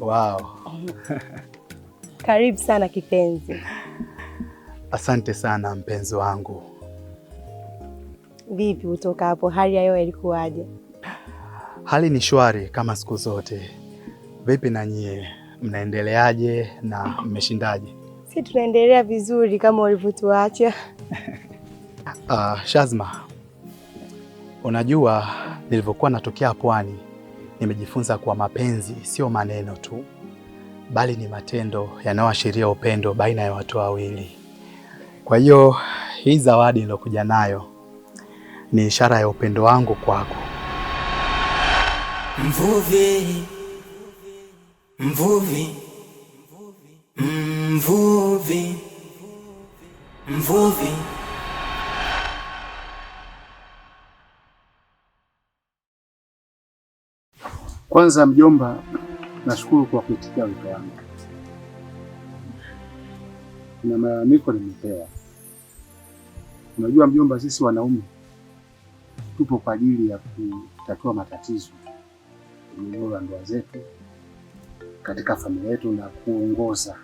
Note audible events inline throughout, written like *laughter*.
Wow. Karibu sana kipenzi. Asante sana mpenzi wangu. Vipi kutoka hapo, hali ya hewa ilikuwaje? Hali ni shwari kama siku zote. Vipi na nyie, mnaendeleaje na mmeshindaje? Si tunaendelea vizuri kama ulivyotuacha. Uh, Shazma, unajua nilivyokuwa natokea pwani, nimejifunza kuwa mapenzi sio maneno tu, bali ni matendo yanayoashiria upendo baina ya watu wawili. Kwa hiyo hii zawadi nilokuja nayo ni ishara ya upendo wangu kwako. Mvuvi, mvuvi, mvuvi, mvuvi. Kwanza mjomba, nashukuru kwa kuitikia wito wangu. Kuna malalamiko nimepewa. Unajua mjomba, sisi wanaume tupo kwa ajili ya kutatua matatizo migogoro ya ndoa zetu katika familia yetu na kuongoza.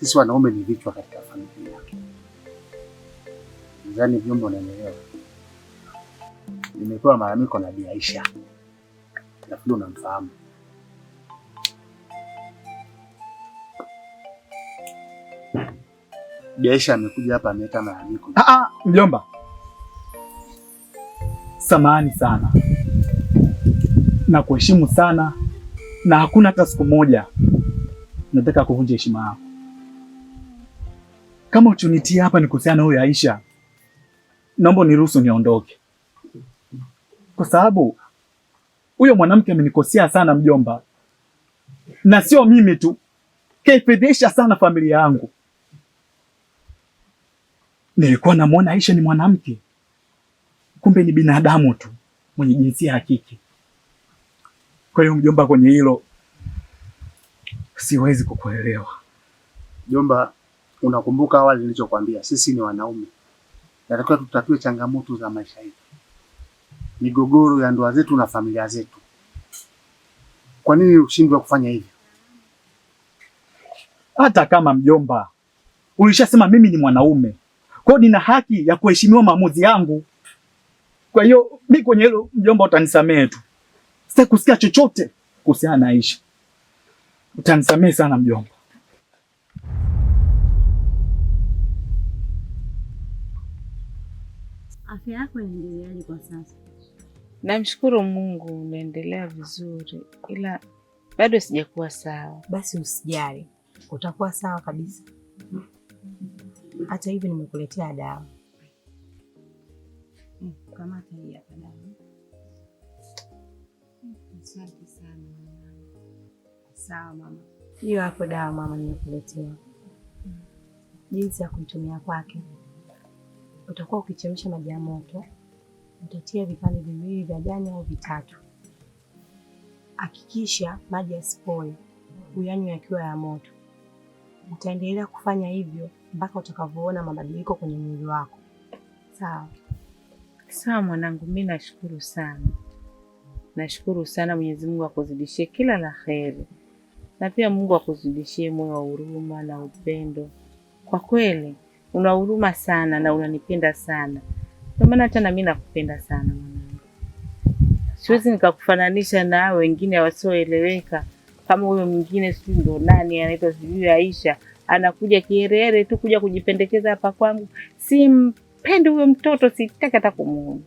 Sisi wanaume ni vichwa katika familia. Nadhani mjomba, unaelewa. Nimepewa malalamiko na Bi Aisha nafikiri unamfahamu. Biaisha amekuja hapa ameeta malalamiko. Ah, ah mjomba, samahani sana na kuheshimu sana, na hakuna hata siku moja nataka kuvunja heshima yako. Kama uchunitia hapa ni kuhusiana huyo Aisha, naomba niruhusu niondoke kwa sababu huyo mwanamke amenikosea sana mjomba, na sio mimi tu, kaifedhesha sana familia yangu. Nilikuwa namwona Aisha ni mwanamke, kumbe ni binadamu tu mwenye jinsia ya kike. Kwa hiyo mjomba, kwenye hilo siwezi kukuelewa mjomba. Unakumbuka awali nilichokwambia, sisi ni wanaume, natakiwa tutatue changamoto za maisha yetu migogoro ya ndoa zetu na familia zetu. Kwa nini ushindwe kufanya hivyo? Hata kama mjomba, ulishasema mimi ni mwanaume, kwa hiyo nina haki ya kuheshimiwa maamuzi yangu. Kwa hiyo mi kwenye hilo mjomba, utanisamehe tu, sitaki kusikia chochote kuhusiana na Aisha. Utanisamehe sana mjomba. Afya yako inaendeleaje kwa sasa? Namshukuru Mungu naendelea vizuri, ila bado sijakuwa sawa. Basi usijali, utakuwa sawa kabisa. Hata hivyo nimekuletea dawa. Mm, kamata hii hapa dawa. Asante sana mama. Sawa mama, hiyo hapo dawa mama, nimekuletea jinsi ya kuitumia kwake. Utakuwa ukichemsha maji ya moto utatia vipande viwili vya jani au vitatu. Hakikisha maji yasipoe, uyanywe yakiwa ya moto. Utaendelea kufanya hivyo mpaka utakavyoona mabadiliko kwenye mwili wako. Sawa sawa, mwanangu, mi nashukuru sana, nashukuru sana. Mwenyezi Mungu akuzidishie kila la heri, na pia Mungu akuzidishie moyo wa huruma na upendo. Kwa kweli una huruma sana na unanipenda sana ndio maana hata na mimi nakupenda sana mwanangu, siwezi nikakufananisha na wengine wasioeleweka kama huyo mwingine, sijui ndo nani anaitwa sijui Aisha, anakuja kiherehere tu kuja kujipendekeza hapa kwangu. Simpendi huyo mtoto, sitaki hata kumuona,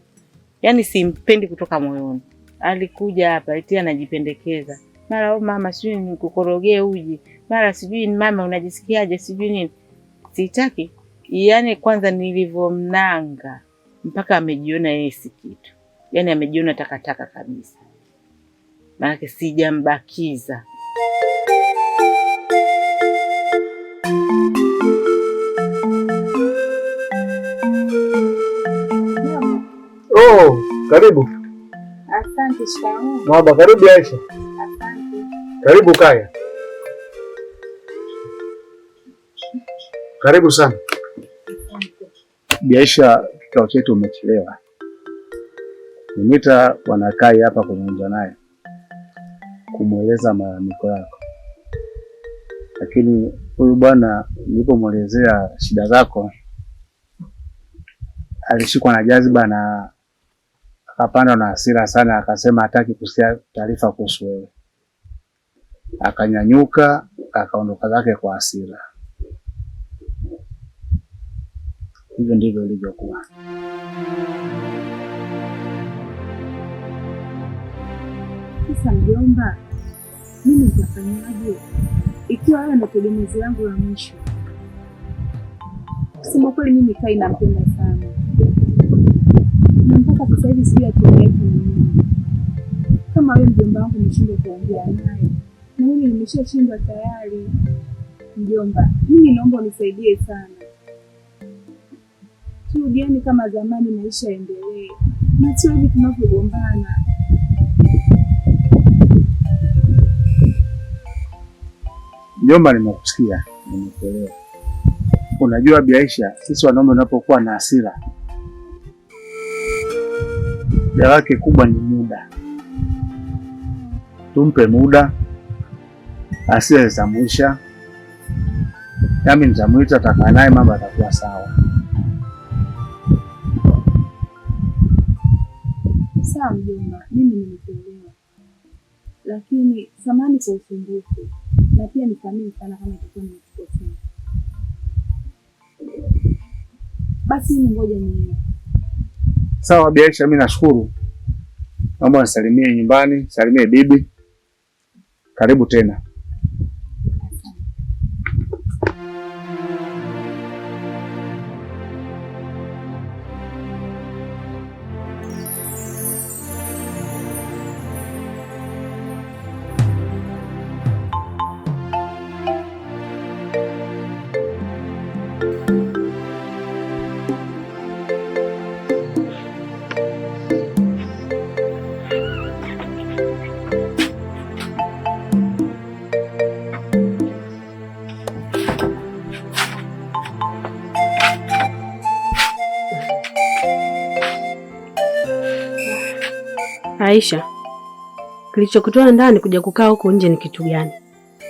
yaani simpendi kutoka moyoni. Alikuja hapa eti anajipendekeza mara, oh mama, sijui nikukorogee uji, mara sijui mama, unajisikiaje, sijui nini. Sitaki yaani, kwanza nilivyomnanga mpaka amejiona yeye si kitu, yaani amejiona takataka kabisa, maanake sijambakiza. Oh, karibu. Asante shikamoo. Mwaba, karibu Aisha. Asante. Karibu Kaya. Karibu sana. Biaisha kikao chetu umechelewa. Nimwita wanakai hapa kuzungumza naye, kumweleza malalamiko yako, lakini huyu bwana nilipomwelezea shida zako alishikwa na jaziba na akapandwa na hasira sana, akasema hataki kusikia taarifa kuhusu wewe, akanyanyuka akaondoka zake kwa hasira. hivyo ndivyo ilivyokuwa. Sasa mjomba, mimi nitafanyaje ikiwa haya ndo tegemezi yangu ya mwisho? Kusema kweli, mimi Kai nampenda sana, mpaka sasa hivi sijui hatima Kama wewe mjomba wangu umeshindwa kuongea naye, na mimi nimeshashindwa tayari. Mjomba, mimi naomba unisaidie sana turudiani kama zamani, maisha yaendelee, na tunapogombana hivi Mjomba, nimekusikia, nimekuelewa. Unajua biaisha, sisi wanaume unapokuwa na hasira, ja wake kubwa ni muda. Tumpe muda, hasira zitamwisha, nami nitamwita, takaa naye, mambo atakuwa sawa. Sawa mjomba, mimi nimekuelewa, lakini samani kwa usumbufu na pia nisamehe sana kama itakuwa nimekukosea. Basi mimi ngoja ni Sawa Bi Aisha, mimi nashukuru. Naomba nisalimie nyumbani, salimie bibi. Karibu tena. Aisha, kilichokutoa ndani kuja kukaa huko nje ni kitu gani?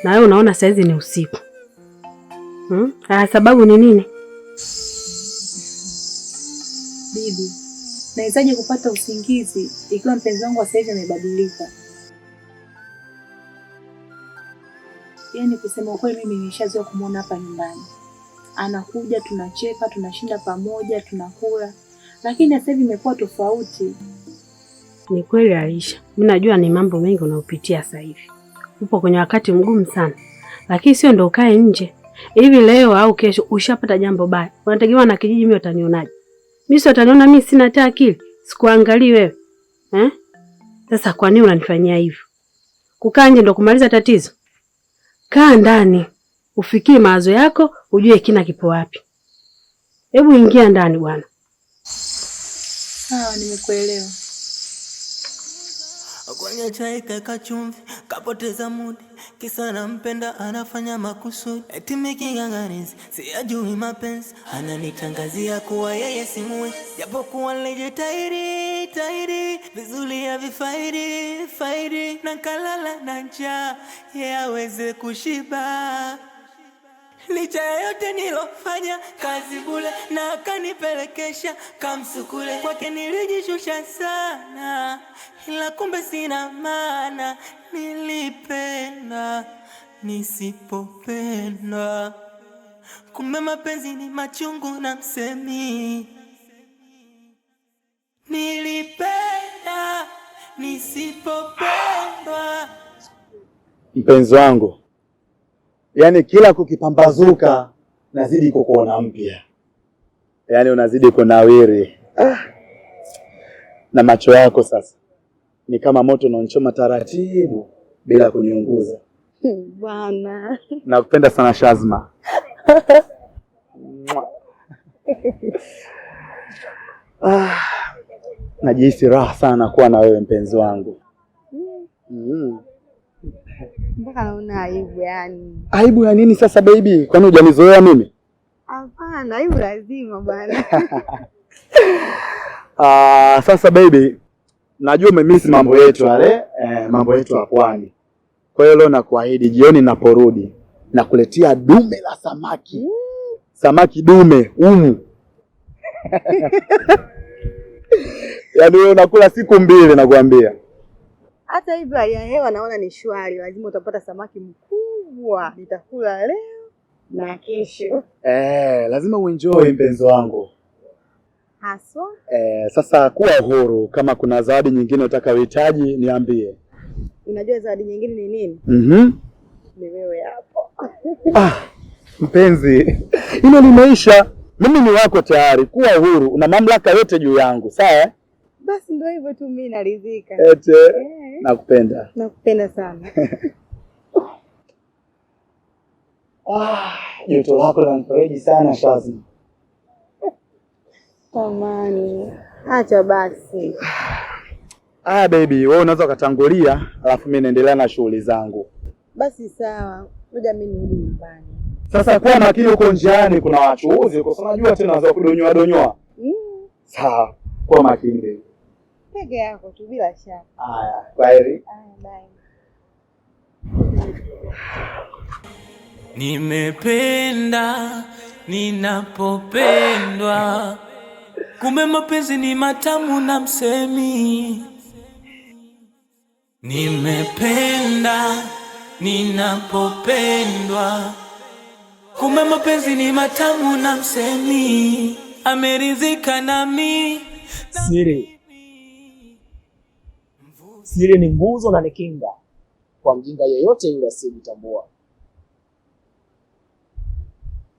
Na wewe unaona saizi ni usiku hmm? Ah, sababu ni nini? Bibi, nawezaje kupata usingizi ikiwa mpenzi wangu sasa hivi amebadilika? Yaani kusema ukweli, mimi nimeshazoea kumwona hapa nyumbani, anakuja tunacheka, tunashinda pamoja, tunakula, lakini sasa hivi imekuwa tofauti. Ni kweli Aisha, mi najua ni mambo mengi unayopitia sasa hivi, upo kwenye wakati mgumu sana, lakini sio ndo ukae nje hivi leo au kesho ushapata jambo baya, unategemewa na kijiji. Mi watanionaje? Mi si wataniona mi sina hata akili? Sikuangalii wewe eh? Sasa kwa nini unanifanyia hivyo? Kukaa nje ndo kumaliza tatizo? Kaa ndani ufikie mawazo yako, ujue kina kipo wapi. Hebu ingia ndani bwana. Sawa, nimekuelewa kwenye chai kaka chumvi, kapoteza mudi, kisa nampenda, anafanya makusudi, eti miking'ang'anizi, siyajui mapenzi, ananitangazia kuwa yeye simwe, japo kuwa leje tairi tairi, vizuri ya vifairi faidi, na kalala na njaa, yeye aweze kushiba licha ya yote nilofanya, kazi bule na akanipelekesha kamsukule kwake, nilijishusha sana, ila kumbe sina maana, nilipenda nisipopenda, kumbe mapenzi ni machungu na msemi, nilipenda nisipopendwa, mpenzi wangu yani kila kukipambazuka nazidi kukuona mpya, yani unazidi kunawiri ah. Na macho yako sasa ni kama moto unaonchoma taratibu bila kuniunguza bwana. Nakupenda sana Shazma. Ah, najihisi raha sana kuwa na wewe mpenzi wangu mm. mm. Mpaka naona aibu yani. Aibu ya nini sasa baby? Kwani hujanizoea mimi? Hapana, aibu lazima bwana. *laughs* Ah, sasa baby, najua umemiss mambo yetu yale, eh? eh, mambo yetu ya pwani. Kwa hiyo leo nakuahidi jioni naporudi nakuletea dume la samaki. Mm. Samaki dume umu. *laughs* Yaani wewe unakula siku mbili nakwambia. Hata hivyo hali ya hewa naona ni shwari, lazima utapata samaki mkubwa, nitakula leo na kesho. Eh, lazima uenjoy mpenzi wangu haswa. Eh, sasa kuwa uhuru. Kama kuna zawadi nyingine utakayohitaji niambie. Unajua zawadi nyingine ni nini? mm-hmm. Ni wewe hapo. Ah, mpenzi, hilo limeisha. Mimi ni wako tayari, kuwa uhuru, una mamlaka yote juu yangu, sawa? Basi ndio hivyo tu, mimi naridhika. Ete. Yeah. Nakupenda, nakupenda sana. *laughs* Ah, joto lako lanfariji sana Shazi. Tamani, acha basi. Aya ah, baby, wewe unaweza ukatangulia, alafu mimi naendelea na shughuli zangu. Basi sawa, ngoja mimi nirudi nyumbani. Sasa kuwa makini, huko njiani kuna wachuuzi, kwa sababu unajua tena za kudonyoa donyoa. Mm. Sawa, kuwa makini baby peke yako tu bila shaka. Haya, kwaheri. Haya, bye. Nimependa ninapopendwa, kumbe mapenzi ni matamu na msemi. Nimependa ninapopendwa, kumbe mapenzi ni matamu na msemi. Ameridhika nami siri Siri ni nguzo na ni kinga kwa mjinga yeyote yule asiyejitambua.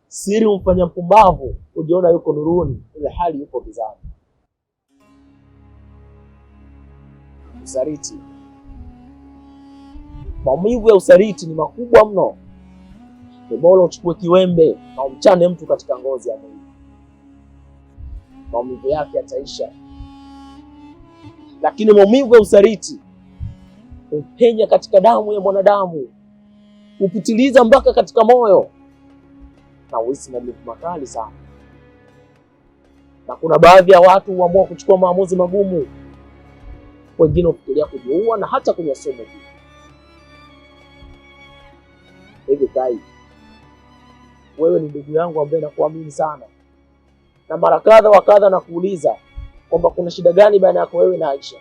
Siri humfanya mpumbavu kujiona yuko nuruni, ile hali yuko gizani. Usariti. Maumivu ya usariti ni makubwa mno. Ni bora uchukue kiwembe na umchane mtu katika ngozi ya mwili, maumivu yake yataisha. Lakini maumivu ya usariti upenya katika damu ya mwanadamu, upitiliza mpaka katika moyo na uhisi maumivu makali sana. Na kuna baadhi ya watu huamua kuchukua maamuzi magumu, wengine hufikiria kujiua na hata kunywa sumu juu. Hivyo wewe ni ndugu yangu ambaye nakuamini sana, na mara kadha wa kadha nakuuliza kwamba kuna shida gani baina yako wewe na Aisha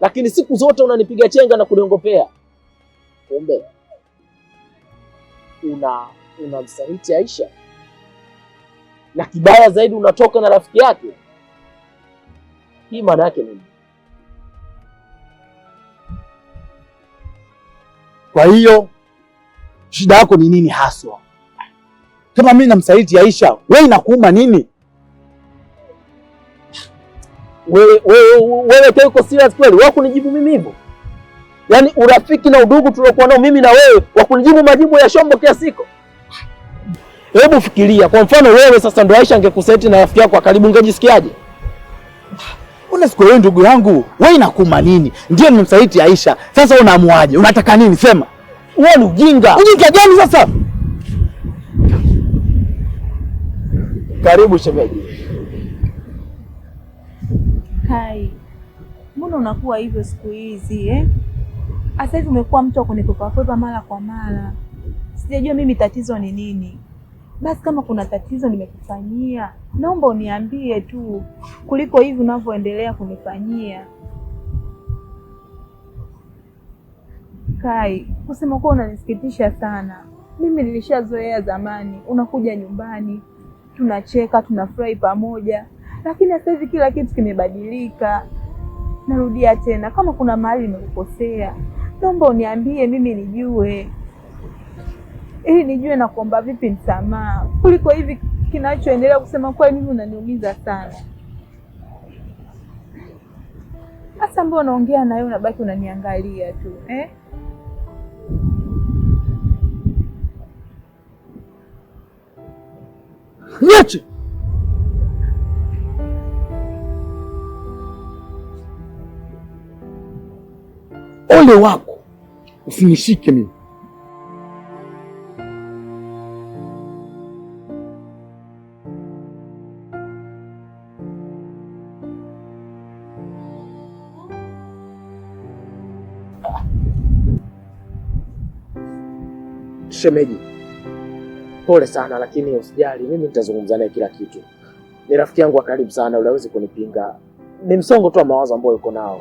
lakini siku zote unanipiga chenga na kuniongopea. Kumbe una unamsaliti Aisha, na kibaya zaidi unatoka na rafiki yake. Hii maana yake nini? Kwa hiyo shida yako ni nini haswa? Kama mimi namsaliti Aisha, wewe inakuuma nini? wewe wewe wewe uko serious kweli? Wewe kunijibu mimi hivyo? Yaani urafiki na udugu tuliokuwa nao mimi na wewe wakunijibu majibu ya shombo kila siku. Hebu fikiria, kwa mfano wewe sasa ndo Aisha angekuseti na rafiki yako kwa karibu, ungejisikiaje? Una siku wewe, ndugu yangu, wewe inakuma nini? Ndiyo nimemsaliti Aisha. Sasa unaamuaje? Unataka nini? Sema. Wewe ni ujinga. Ujinga gani sasa? Karibu shemeji. Kai, mbona unakuwa hivyo siku hizi eh? Sasa hivi umekuwa mtu wa kunikwepakwepa mara kwa mara, sijajua mimi tatizo ni nini. Basi kama kuna tatizo nimekufanyia, naomba uniambie tu, kuliko hivi unavyoendelea kunifanyia. Kai, kusema kuwa unanisikitisha sana. Mimi nilishazoea zamani, unakuja nyumbani tunacheka, tunafurahi pamoja lakini sasa hivi kila kitu kimebadilika. Narudia tena, kama kuna mahali nimekukosea, naomba uniambie mimi nijue, ili nijue na kuomba vipi msamaha, kuliko hivi kinachoendelea. Kusema kweli, mimi unaniumiza sana. Hasa ambao unaongea nayo unabaki unaniangalia tu eh? Niache. upendo wako usinishike mimi. Shemeji, pole sana, lakini usijali, mimi nitazungumza naye kila kitu. Ni rafiki yangu wa karibu sana, unaweza kunipinga. Ni msongo tu wa mawazo ambayo yuko nao.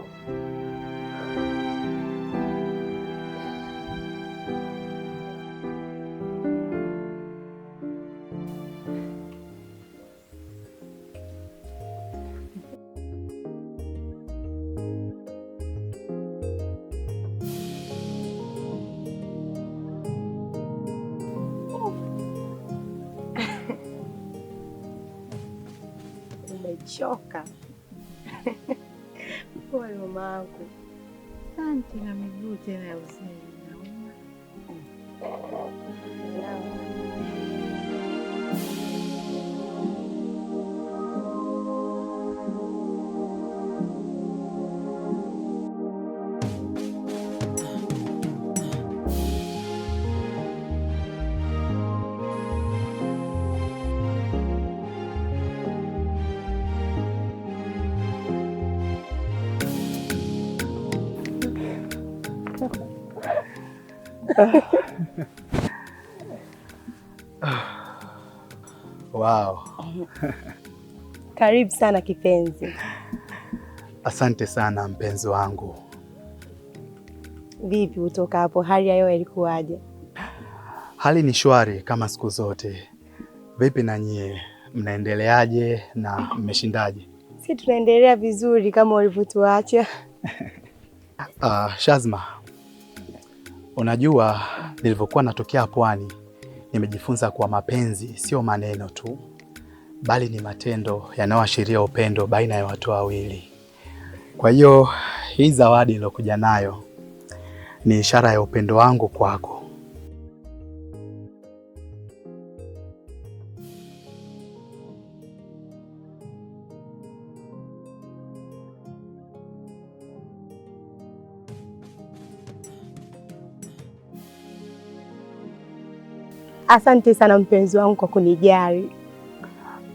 nimechoka. Pole mama wangu. Asante na miguu tena ya uzima. *laughs* Wow. Karibu sana kipenzi. Asante sana mpenzi wangu. Vipi utoka hapo, hali ya hewa ilikuwaje? Hali ni shwari kama siku zote. Vipi na nyie, mnaendeleaje na mmeshindaje? Si tunaendelea vizuri kama ulivyotuacha. Uh, ah, Shazma Unajua, nilivyokuwa natokea pwani, nimejifunza kuwa mapenzi sio maneno tu, bali ni matendo yanayoashiria upendo baina ya watu wawili. Kwa hiyo hii zawadi nilokuja nayo ni ishara ya upendo wangu kwako. Asante sana mpenzi wangu kwa kunijali.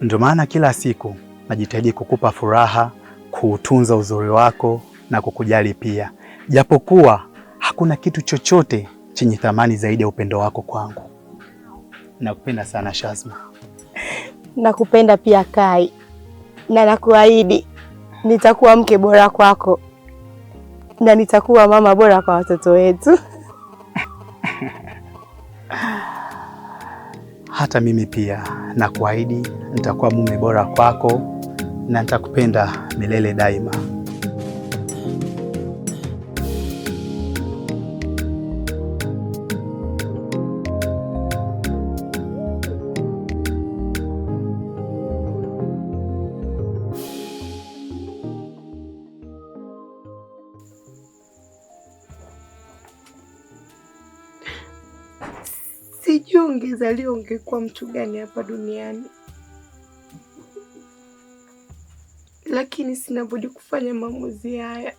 Ndio maana kila siku najitahidi kukupa furaha, kuutunza uzuri wako na kukujali pia, japokuwa hakuna kitu chochote chenye thamani zaidi ya upendo wako kwangu. Nakupenda sana Shazma. Nakupenda pia Kai, na nakuahidi nitakuwa mke bora kwako na nitakuwa mama bora kwa watoto wetu. *laughs* hata mimi pia na kuahidi nitakuwa mume bora kwako na nitakupenda milele daima. Angalia ungekuwa mtu gani hapa duniani. Lakini sina budi kufanya maamuzi haya,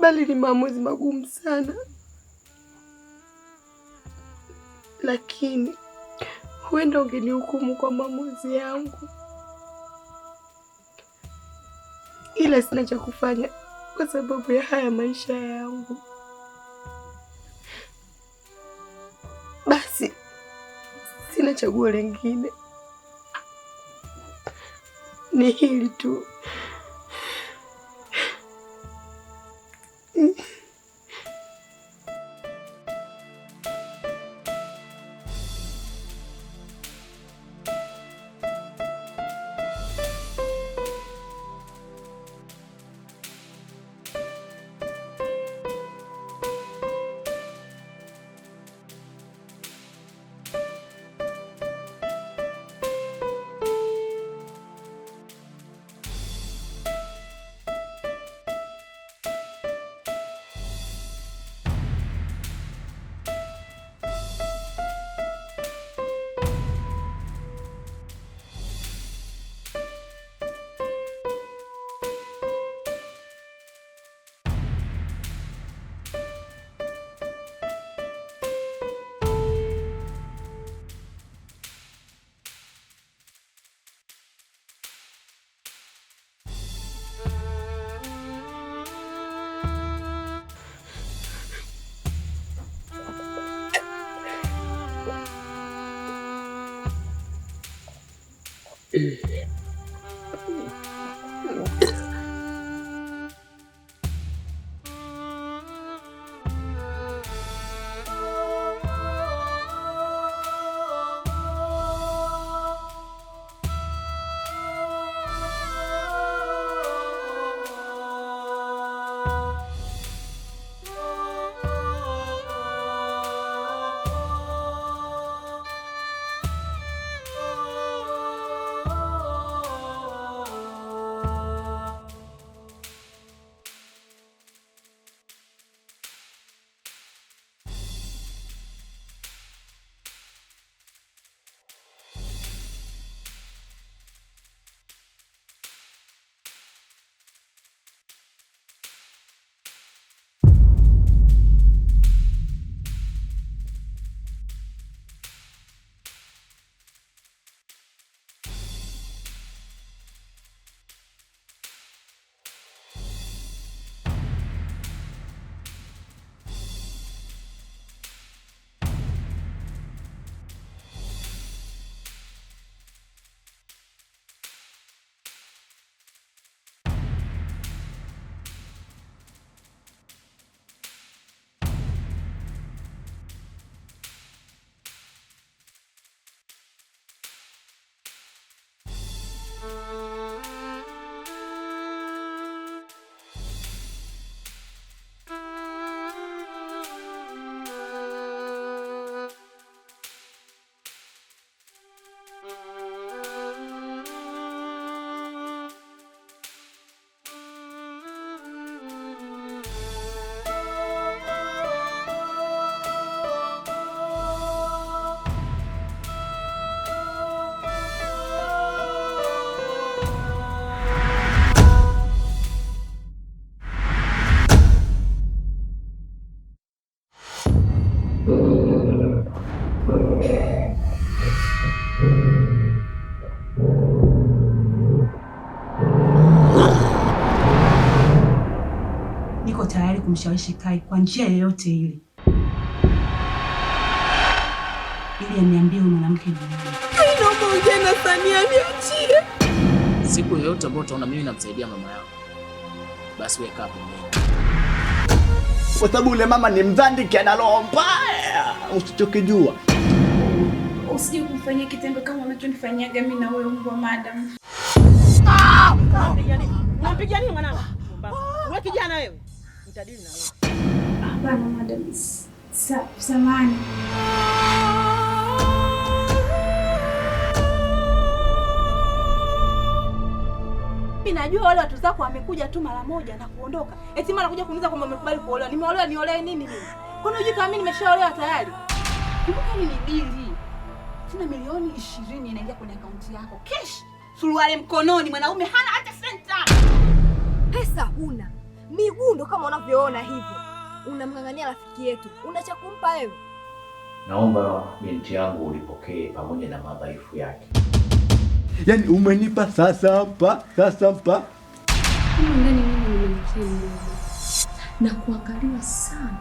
bali ni maamuzi magumu sana, lakini huenda ungenihukumu kwa maamuzi yangu, ila sina cha kufanya kwa sababu ya haya maisha yangu. Sina chaguo lingine, ni hili tu. Yeah. *laughs* Thank you. kumshawishi Kai kwa njia yoyote ile ili aniambie huyu mwanamke ni nani. Naomba ongea na Sania niachie. Siku yoyote ambayo utaona mimi namsaidia mama yako, basi wewe kaa pembeni, kwa sababu yule mama ni mdhandiki, ana roho mbaya usichokijua. Usije kufanya kitendo kama unachonifanyaga mimi na wewe mbwa madam. Unampiga nini mwanangu? Wewe kijana wewe nitadili na wewe. Hapana madam, samahani. Mimi najua wale watu zako wamekuja tu mara moja na kuondoka. Eti mara kuja kuniuliza kwamba umekubali kuolewa. Nimeolewa niolewe nini mimi? Kwani unajua kama mimi nimeshaolewa tayari? Kumbuka mimi ni bili. Tuna milioni ishirini inaingia kwenye akaunti yako. Cash. Suruali mkononi, mwanaume hana hata senti. Pesa huna miguu ndo kama unavyoona hivyo. Unamng'ang'ania rafiki yetu, cha kumpa wewe? Naomba binti yangu ulipokee pamoja na madhaifu yake. Yaani umenipa sasa hapa, sasa hapa ndani mimi nimemkili na kuangalia sana,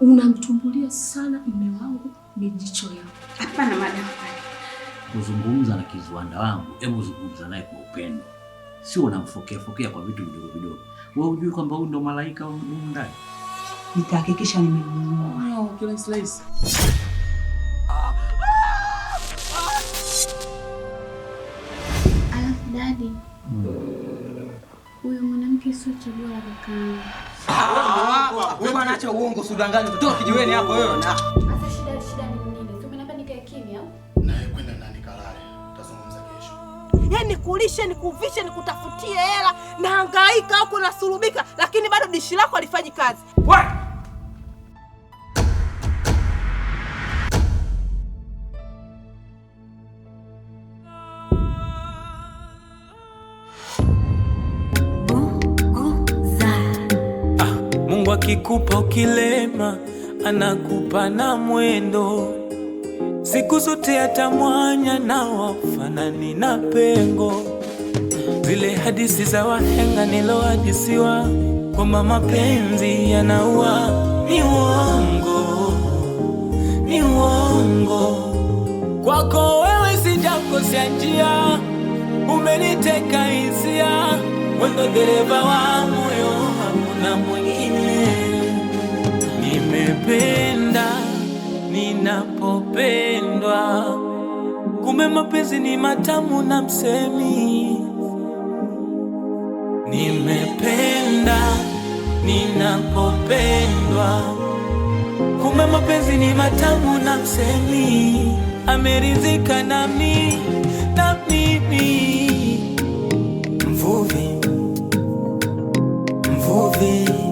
unamtumbulia sana mume wangu mijicho yako. Hapana madam, kuzungumza na kizuanda wangu, hebu zungumza naye kwa upendo, sio unamfokea fokea kwa vitu vidogo vidogo. Wewe unajua kwamba huyu ndo malaika wa Mungu ndani. Nitahakikisha nimemuua. kila slice. Alafu dadi. Huyu mwanamke sio chaguo la kaka. Ah, wewe bwana, uongo, usidanganye. Toka kijiweni hapo wewe. Yaani nikulishe, nikuvishe, nikutafutie hela, nahangaika huko nasulubika, lakini bado dishi lako alifanyi kazi. Ah, Mungu akikupa ukilema, anakupa na mwendo siku zote atamwanya na wafanani na pengo. Zile hadisi za wahenga nilohadisiwa kwamba mapenzi yanaua, ni uongo, ni uongo. Kwako wewe sijakosea njia, umeniteka hisia, wendo dereva wa moyo, hamuna mwingine. Nimependa ninapopenda kupendwa, kumbe mapenzi ni matamu na msemi. Nimependa ninapopendwa, kumbe mapenzi ni matamu na msemi. Ameridhika nami na mimi mvuvi mvuvi